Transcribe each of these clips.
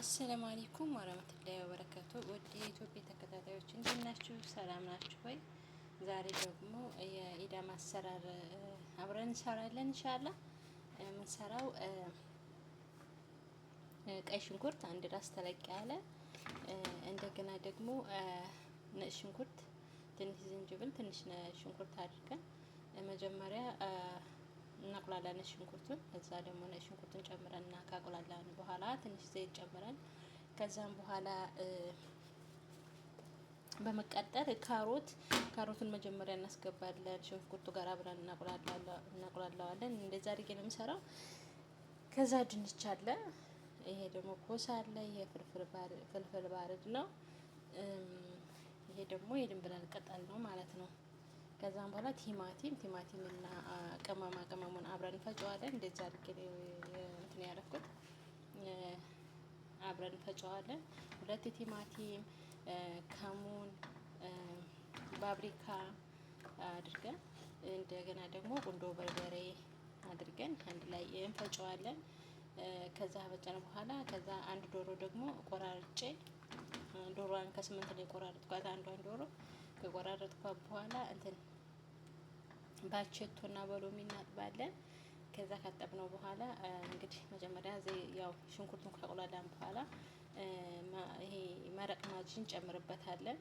አሰላሙ አለይኩም ወረህመቱላሂ ወበረካቱ። ወደ ኢትዮጵያ ተከታታዮች እንዴት ናችሁ? ሰላም ናችሁ ወይ? ዛሬ ደግሞ የኢዳም አሰራር አብረን እንሰራለን ኢንሻአላህ። የምንሰራው ቀይ ሽንኩርት አንድ ራስ ተለቅ ያለ፣ እንደገና ደግሞ ነጭ ሽንኩርት፣ ትንሽ ዝንጅብል፣ ትንሽ ሽንኩርት አድርገን መጀመሪያ እናቁላላለን ሽንኩርቱን። ከዛ ደግሞ ነጭ ሽንኩርቱን ጨምረንና ካቁላላን በኋላ ትንሽ ዘይት ጨምረን ከዛም በኋላ በመቀጠል ካሮት ካሮቱን መጀመሪያ እናስገባለን። ሽንኩርቱ ጋር አብረን እናቁላላዋለን። እንደዛ አድርጌ ነው የምሰራው። ከዛ ድንች አለ፣ ይሄ ደግሞ ኮሳ አለ። ይሄ ፍልፍል ባርድ ነው። ይሄ ደግሞ የድንብላል ቅጠል ነው ማለት ነው። ከዛም በኋላ ቲማቲም ቲማቲም እና ቅመማ ቅመሙን አብረን እንፈጨዋለን። እንደዚህ አድርጌ እንትን ያደረኩት አብረን እንፈጨዋለን። ሁለት ቲማቲም፣ ከሙን፣ ባብሪካ አድርገን እንደገና ደግሞ ቁንዶ በርበሬ አድርገን አንድ ላይ እንፈጨዋለን። ከዛ በጨን በኋላ ከዛ አንድ ዶሮ ደግሞ ቆራርጬ ዶሮዋን ከስምንት ላይ ቆራርጥኳት አንዷን ዶሮ ከቆራረጥኳት በኋላ እንትን ባቸቶ እና በሎሚ እናጥባለን። ከዛ ካጠብነው በኋላ እንግዲህ መጀመሪያ ያው ሽንኩርቱን ካቁላላን በኋላ ይሄ መረቅ ማጂ እንጨምርበታለን።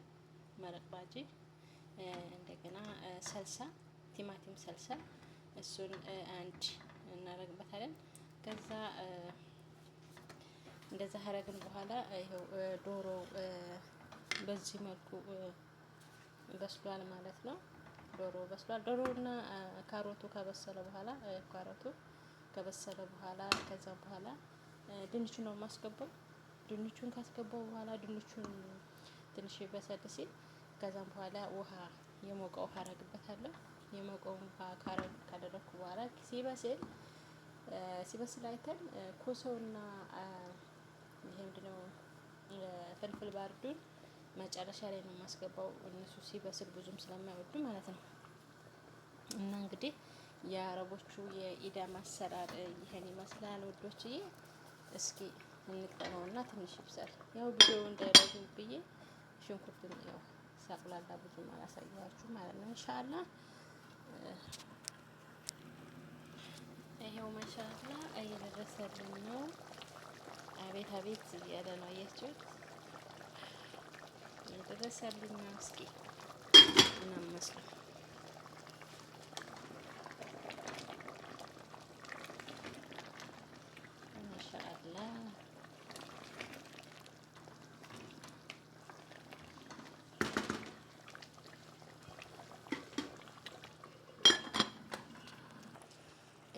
መረቅ ማጂ እንደገና ሰልሳ፣ ቲማቲም ሰልሳ እሱን አንድ እናረግበታለን። ከዛ እንደዛ አረግን በኋላ ይኸው ዶሮ በዚህ መልኩ በስሏል ማለት ነው። ዶሮ በስሏል። ዶሮና ካሮቱ ከበሰለ በኋላ ካሮቱ ከበሰለ በኋላ ከዛም በኋላ ድንቹን ነው የማስገባው። ድንቹን ካስገባው በኋላ ድንቹን ትንሽ በሰል ሲል ከዛም በኋላ ውሃ የሞቀ ውሃ አረግበታለሁ። የሞቀውን ውሃ ካረግ ካደረግኩ በኋላ ሲበስል ሲበስል አይተን ኮሶውና ይሄ ምንድነው ፍልፍል ባርዱን መጨረሻ ላይ ነው የማስገባው። እነሱ ሲበስል ብዙም ስለማይወዱ ማለት ነው። እና እንግዲህ የአረቦቹ የኢዳ ማሰራር ይሄን ይመስላል ውዶችዬ። እስኪ እንቅጠመውና ትንሽ ይብሳል። ያው ቪዲዮ እንዳይረዝም ብዬ ሽንኩርትን ያው ሳቁላላ ብዙ አላሳየኋችሁ ማለት ነው። እንሻላ ይኸው ማሻላ እየደረሰልን ነው። አቤት አቤት እያለ ነው አያችሁት። ደረሰልኛ እስኪ ምናምን መስሎ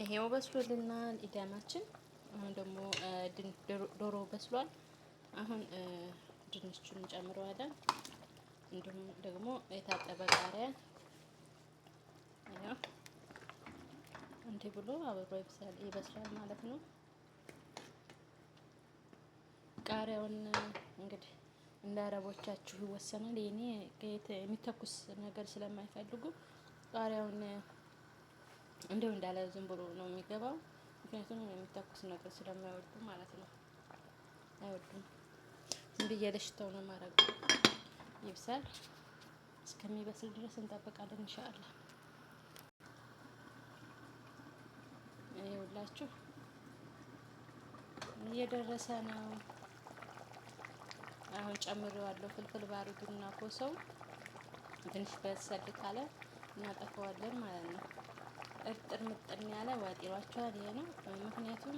ይሄው በስሎልናል ኢዳማችን። አሁን ደግሞ ዶሮ በስሏል አሁን ድንቹን እንጨምረዋለን። እንዲሁም ደግሞ የታጠበ ቃሪያ እንዲህ ብሎ አብሮ ይበስላል ማለት ነው። ቃሪያውን እንግዲህ እንደ አረቦቻችሁ ይወሰናል። የኔ የሚተኩስ ነገር ስለማይፈልጉ ቃሪያውን እንደው እንዳለ ዝም ብሎ ነው የሚገባው። ምክንያቱም የሚተኩስ ነገር ስለማይወዱ ማለት ነው፣ አይወዱም። ብየለሽተው ነው ማድረግ ይብሳል። እስከሚበስል ድረስ እንጠብቃለን እንሻአላ። ይኸውላችሁ እየደረሰ ነው። አሁን ጨምሬዋለሁ ፍልፍል ባሩዱና ኮሰው ትንሽ በሰል ካለ እናጠፈዋለን ማለት ነው። እርጥር ምጥን ያለ ዋጢሯቸዋል። ይሄ ነው ምክንያቱም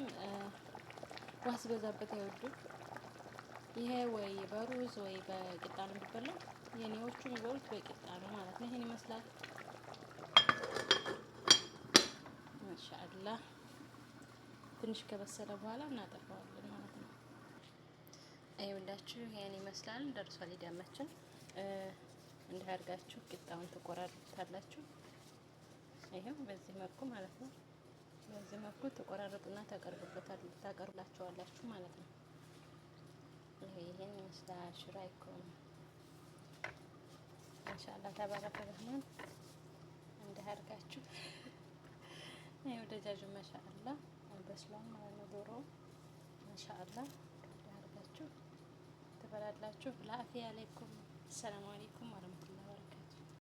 ዋስ በዛበት አይወዱም። ይሄ ወይ በሩዝ ወይ በቂጣ ነው የሚበላው። የኔዎቹ የሚበሉት በቂጣ ነው ማለት ነው። ይሄን ይመስላል። ማሻአላ ትንሽ ከበሰለ በኋላ እናጠፋዋለን ማለት ነው። አይ ወንዳችሁ ይሄን ይመስላል። ደርሷል። ይዳማችን እንዲህ ቂጣውን ትቆራርጡታላችሁ። ይሄው በዚህ መልኩ ማለት ነው። በዚህ መልኩ ተቆራርጡና ታቀርቡበታል ታቀርቡላችኋላችሁ ማለት ነው። ይህን ይመስላል። ሹራ ይኮኑ ኢንሻአላህ ተባረከ ረህማን እንዳርጋችሁ ይኸው ደጃጁ ማሻአላህ አልበስለውም ማለት ነው። ዶሮ ማሻአላህ እንዳርጋችሁ ትበላላችሁ። ለአፊያ አለይኩም። ሰላም አለይኩም ወራህመቱላህ